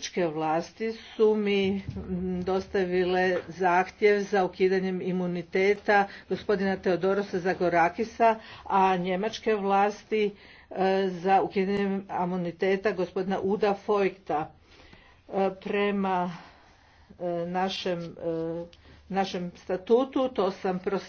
grčke vlasti su mi dostavile zahtjev za ukidanjem imuniteta gospodina Teodorosa Zagorakisa, a njemačke vlasti e, za ukidanjem imuniteta gospodina Uda Fojkta. E, prema e, našem, našem statutu to sam proslijedila